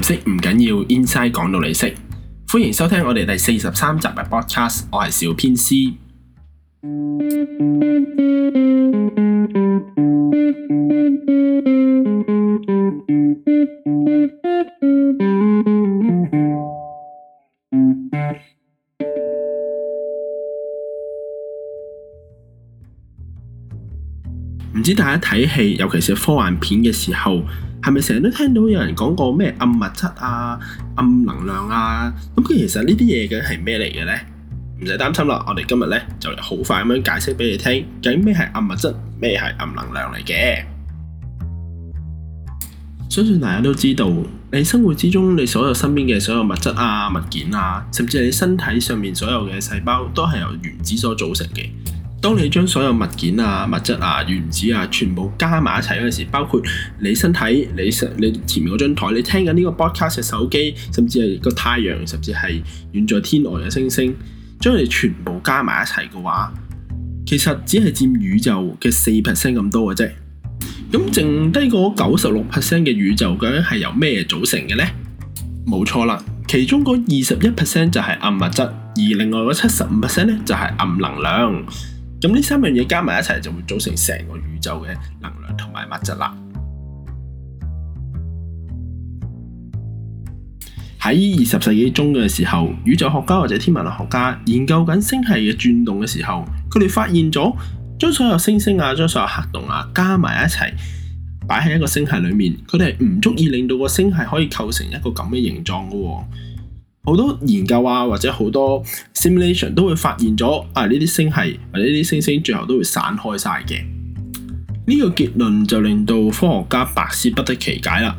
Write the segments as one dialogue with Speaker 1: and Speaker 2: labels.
Speaker 1: 唔識唔緊要，inside 講到你識。歡迎收聽我哋第四十三集嘅 podcast，我係小編師。唔知大家睇戲，尤其是科幻片嘅時候。係咪成日都聽到有人講過咩暗物質啊、暗能量啊？咁其實呢啲嘢梗係咩嚟嘅咧？唔使擔心啦，我哋今日咧就好快咁樣解釋俾你聽，究竟咩係暗物質、咩係暗能量嚟嘅？相信 大家都知道，你生活之中你所有身邊嘅所有物質啊、物件啊，甚至你身體上面所有嘅細胞都係由原子所組成嘅。當你將所有物件啊、物質啊、原子啊，全部加埋一齊嗰陣時，包括你身體、你你前面嗰張台、你聽緊呢個 Podcast 嘅手機，甚至係個太陽，甚至係遠在天外嘅星星，將佢全部加埋一齊嘅話，其實只係佔宇宙嘅四 percent 咁多嘅啫。咁剩低嗰九十六 percent 嘅宇宙究竟係由咩組成嘅呢？冇錯啦，其中嗰二十一 percent 就係暗物質，而另外嗰七十五 percent 咧就係、是、暗能量。咁呢三樣嘢加埋一齊就會組成成個宇宙嘅能量同埋物質啦。喺二十世紀中嘅時候，宇宙學家或者天文學家研究緊星系嘅轉動嘅時候，佢哋發現咗將所有星星啊、將所有黑洞啊加埋一齊擺喺一個星系裏面，佢哋唔足以令到個星系可以構成一個咁嘅形狀㗎喎。好多研究啊，或者好多 simulation 都會發現咗啊，呢啲星系或者呢啲星星最後都會散開晒嘅。呢個結論就令到科學家百思不得其解啦。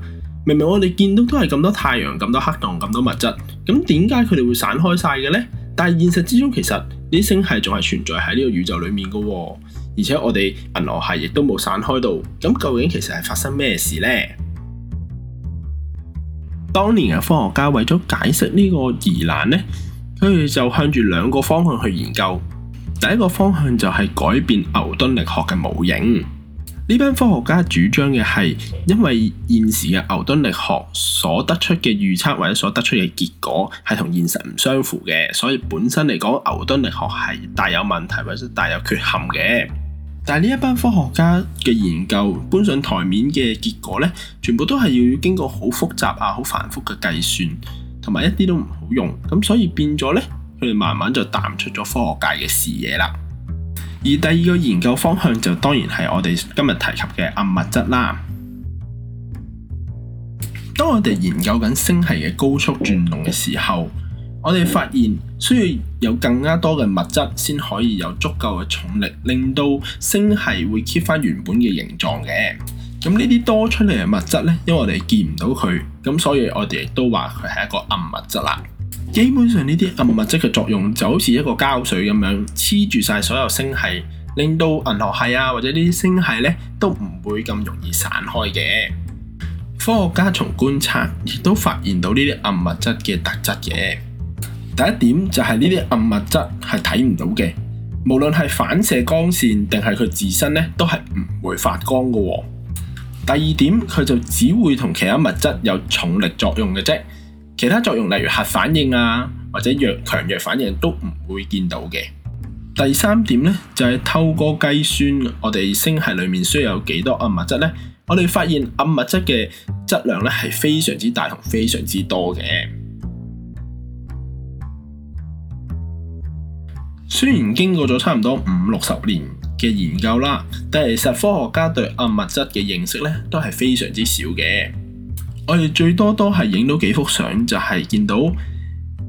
Speaker 1: 明明我哋見到都係咁多太陽、咁多黑洞、咁多物質，咁點解佢哋會散開晒嘅呢？但係現實之中，其實呢啲星系仲係存在喺呢個宇宙裏面噶、哦，而且我哋銀河系亦都冇散開到。咁究竟其實係發生咩事呢？當年嘅科學家為咗解釋呢個疑難呢，佢哋就向住兩個方向去研究。第一個方向就係改變牛頓力學嘅模型。呢班科學家主張嘅係，因為現時嘅牛頓力學所得出嘅預測或者所得出嘅結果係同現實唔相符嘅，所以本身嚟講牛頓力學係大有問題或者大有缺陷嘅。但係呢一班科學家嘅研究搬上台面嘅結果呢，全部都係要經過好複雜啊、好繁複嘅計算，同埋一啲都唔好用，咁所以變咗呢，佢哋慢慢就淡出咗科學界嘅視野啦。而第二個研究方向就當然係我哋今日提及嘅暗物質啦。當我哋研究緊星系嘅高速轉動嘅時候，我哋發現需要有更加多嘅物質先可以有足夠嘅重力，令到星系會 keep 翻原本嘅形狀嘅。咁呢啲多出嚟嘅物質呢，因為我哋見唔到佢，咁所以我哋亦都話佢係一個暗物質啦。基本上呢啲暗物質嘅作用就好似一個膠水咁樣，黐住晒所有星系，令到銀河系啊或者呢啲星系呢都唔會咁容易散開嘅。科學家從觀察亦都發現到呢啲暗物質嘅特質嘅。第一點就係呢啲暗物質係睇唔到嘅，無論係反射光線定係佢自身咧，都係唔會發光嘅。第二點，佢就只會同其他物質有重力作用嘅啫，其他作用例如核反應啊或者弱強弱反應都唔會見到嘅。第三點咧就係透過計算，我哋星系裏面需要有幾多暗物質咧？我哋發現暗物質嘅質量咧係非常之大同非常之多嘅。雖然經過咗差唔多五六十年嘅研究啦，但係其實科學家對暗物質嘅認識咧都係非常之少嘅。我哋最多都係影到幾幅相，就係見到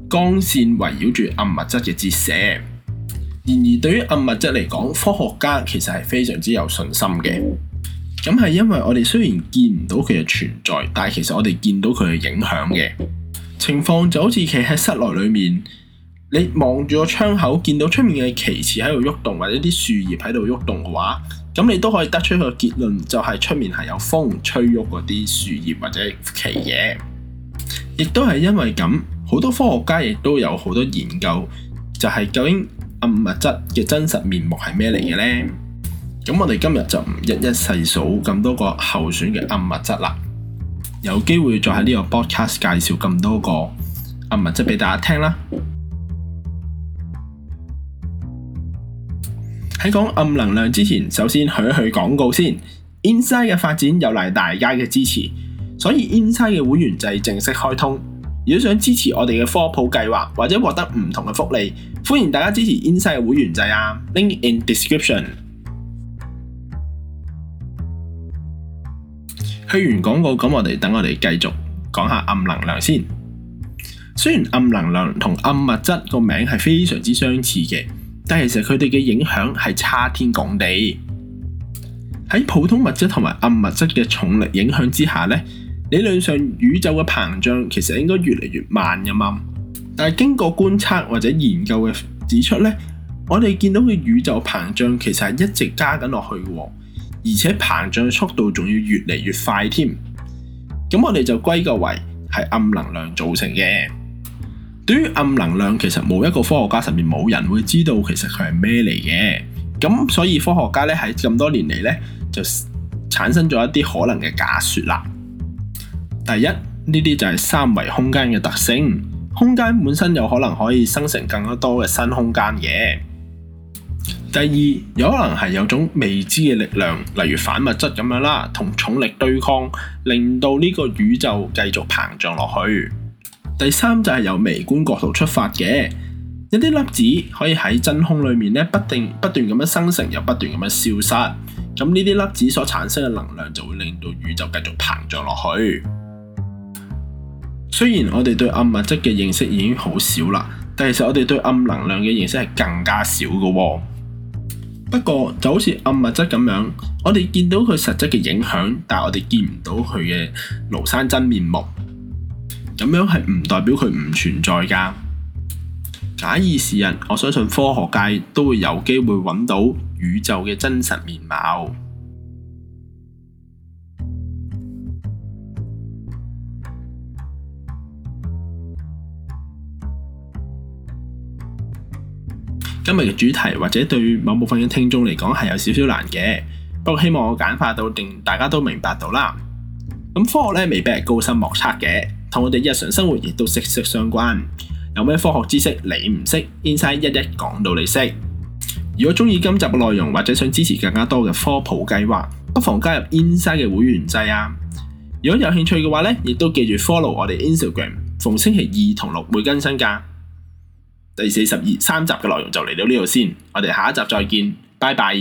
Speaker 1: 光線圍繞住暗物質嘅折射。然而，對於暗物質嚟講，科學家其實係非常之有信心嘅。咁係因為我哋雖然見唔到佢嘅存在，但係其實我哋見到佢嘅影響嘅情況就好似企喺室內裏面。你望住個窗口，見到出面嘅旗子喺度喐動，或者啲樹葉喺度喐動嘅話，咁你都可以得出一個結論，就係、是、出面係有風吹喐嗰啲樹葉或者旗嘢。亦都係因為咁，好多科學家亦都有好多研究，就係、是、究竟暗物質嘅真實面目係咩嚟嘅呢？咁我哋今日就唔一一細數咁多個候選嘅暗物質啦，有機會再喺呢個 podcast 介紹咁多個暗物質俾大家聽啦。喺講暗能量之前，首先去一去廣告先。Insight 嘅發展有賴大家嘅支持，所以 Insight 嘅會員制正式開通。如果想支持我哋嘅科普計劃或者獲得唔同嘅福利，歡迎大家支持 Insight 嘅會員制啊。Link in description。去完廣告，咁我哋等我哋繼續講下暗能量先。雖然暗能量同暗物質個名係非常之相似嘅。但係其實佢哋嘅影響係差天共地。喺普通物質同埋暗物質嘅重力影響之下咧，理論上宇宙嘅膨脹其實應該越嚟越慢咁。但係經過觀測或者研究嘅指出咧，我哋見到嘅宇宙膨脹其實係一直加緊落去，而且膨脹速度仲要越嚟越快添。咁我哋就歸咎為係暗能量造成嘅。對於暗能量，其實冇一個科學家上面冇人會知道其實佢係咩嚟嘅，咁所以科學家咧，喺咁多年嚟咧，就產生咗一啲可能嘅假說啦。第一，呢啲就係三維空間嘅特性，空間本身有可能可以生成更加多嘅新空間嘅。第二，有可能係有種未知嘅力量，例如反物質咁樣啦，同重力對抗，令到呢個宇宙繼續膨脹落去。第三就係由微觀角度出發嘅，有啲粒子可以喺真空裏面咧，不定不斷咁樣生成，又不斷咁樣消失。咁呢啲粒子所產生嘅能量就會令到宇宙繼續膨脹落去。雖然我哋對暗物質嘅認識已經好少啦，但其實我哋對暗能量嘅認識係更加少㗎喎。不過就好似暗物質咁樣，我哋見到佢實質嘅影響，但係我哋見唔到佢嘅廬山真面目。咁樣係唔代表佢唔存在㗎。假以時日，我相信科學界都會有機會揾到宇宙嘅真實面貌。今日嘅主題，或者對某部分嘅聽眾嚟講係有少少難嘅，不過希望我簡化到令大家都明白到啦。咁科學呢，未必係高深莫測嘅。同我哋日常生活亦都息息相關。有咩科學知識你唔識，Inside 一一講到你識。如果中意今集嘅內容，或者想支持更加多嘅科普計劃，不妨加入 Inside 嘅會員制啊！如果有興趣嘅話咧，亦都記住 follow 我哋 Instagram，逢星期二同六會更新噶。第四十二三集嘅內容就嚟到呢度先，我哋下一集再見，拜拜。